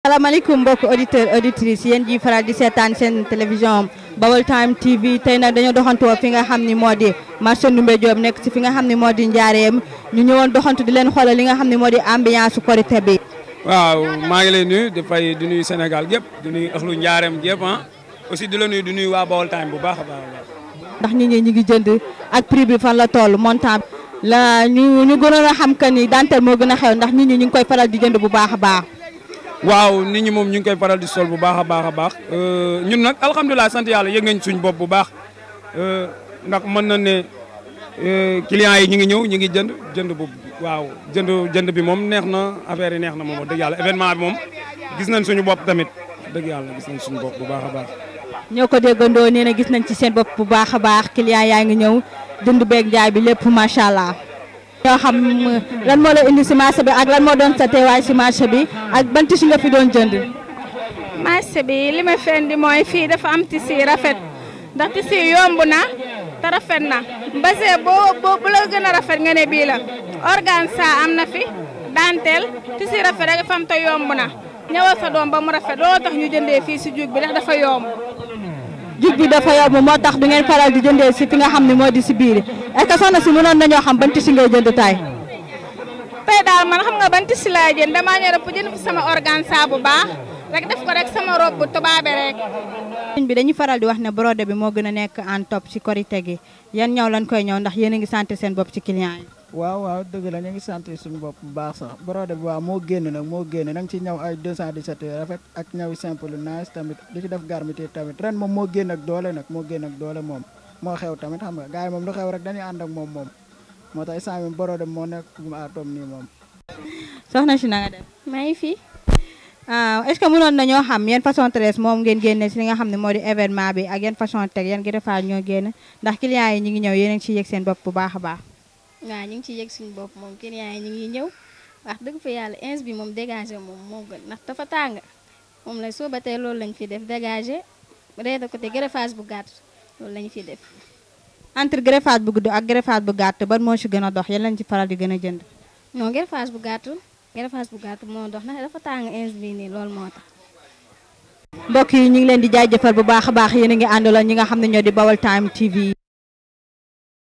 salaamaaleykum mbokk auditeur auditrice yéen ji faral di seetaan seen télévision Baol Time TV tey nag dañoo doxantoo fi nga xam ni moo di marché Ndoumbé Diop nekk ci fi nga xam ni moo di njaareem ñu ñëwoon doxantu di leen xoolal li nga xam ni moo di ambiance korite bi waaw maa ngi lay nuyu di fay di nuyu Sénégal gépp di nuyu axlu njaareem gépp ah. aussi di la nuyu di nuyu waa Baol Time bu baax a baax ndax nit ñi ñu ngi jënd ak bi fan la toll montant la ñu ñu gënoon a xam que ni moo gën a xew ndax nit ñi ñu ngi koy faral di jënd bu baax a baax waaw nit ñi moom ñu ngi koy paral di sol bu baax a baax a baax euh, ñun nag alhamdulilah sant yàlla yëg nañ suñ bopp bu baax euh, ndax mën na ne euh, clients yi ñu ngi ñëw ñu ngi jënd jënd bu waaw jënd jënd bi moom neex na affaire yi neex na moom wax dëgg yàlla événement moom gis nañ suñu bopp tamit dëgg yàlla gis nañ suñu bopp bu baax a baax. ñoo ko déggandoo nee na gis nañ ci seen bopp bu baax a baax clients yaa ngi ñëw jënd beeg jaay bi lépp macha allah. bëgg a xam lan moo la indi si marché bi ak lan moo doon sa teewaay si marché bi ak ban si nga fi doon jënd. marché bi li ma feen di mooy fii dafa am tissu rafet ndax tissu yomb na te rafet na basé boo bu la gën a rafet nga ne bii la organ sa am na fi dentelle tissu rafet rek dafa am te yomb na ñëwal sa doom ba mu rafet looloo tax ñu jëndee fii si jug bi ndax dafa yomb. jug bi dafa yomb moo tax du ngeen faral di jëndee si fi nga xam ne moo di si biir. est-ce si soxna si mënoon nañoo xam ban tissu ngay jënd taay. tey daal man xam nga ban tissu laa jënd damaa ñëw rek pour jënd sama organ saa bu baax rek def ko rek sama robe bu tubaabe rek. sëñ faral di wax ne brodé bi moo gën a nekk en topp ci korite gi yan ñaw lañ koy ñëw ndax yéen a ngi sant seen bopp ci client yi. waaw waaw dëgg la ñu ngi sant suñu bopp bu baax sax brodé bi waa moo génn nag moo génn na nga ci ñëw ay 217 heures rafet ak ñëw simple nice tamit di ci def garniture tamit ren moom moo génn ak doole nag moo génn doole moom. moo xew tamit xam nga gars yi moom lu xew rek dañuy ànd ak moom moom moo tax instant bi moo nekk mu atom nii moom. soxna si na nga maa ngi fi. Ah, est-ce que mënoon nañoo xam yan façon tresse moom ngeen génne si li nga xam ne moo di événement bi ak yan façon teg yan gi defaat ñoo génn ndax clients yi ñu ngi ñëw yéen a ngi ciy yëg seen bopp bu baax a baax. waaw ñu ngi ciy yëg suñu bopp moom clients yi ñu ngi ñëw wax dëgg fa yàlla ins bi moom dégagé moom moo ndax dafa tàng moom la soo ba tey loolu lañ fi def dégagé réer de côté gërëfaas bu gàtt. loolu lañu ciy def entre greffage bu gudd ak greffage bu gàtt ban moo ci gën a dox yéen lañ ci faral di gën a jënd non greffage bu gàtt greffage bu gàtt moo dox na dafa tàng ins bi nii lool moo tax mbokk yi ñu ngi leen di jaajëfal bu baax a baax yéen a ngi àndaloon ñi nga xam ne ñoo di Baol Times TV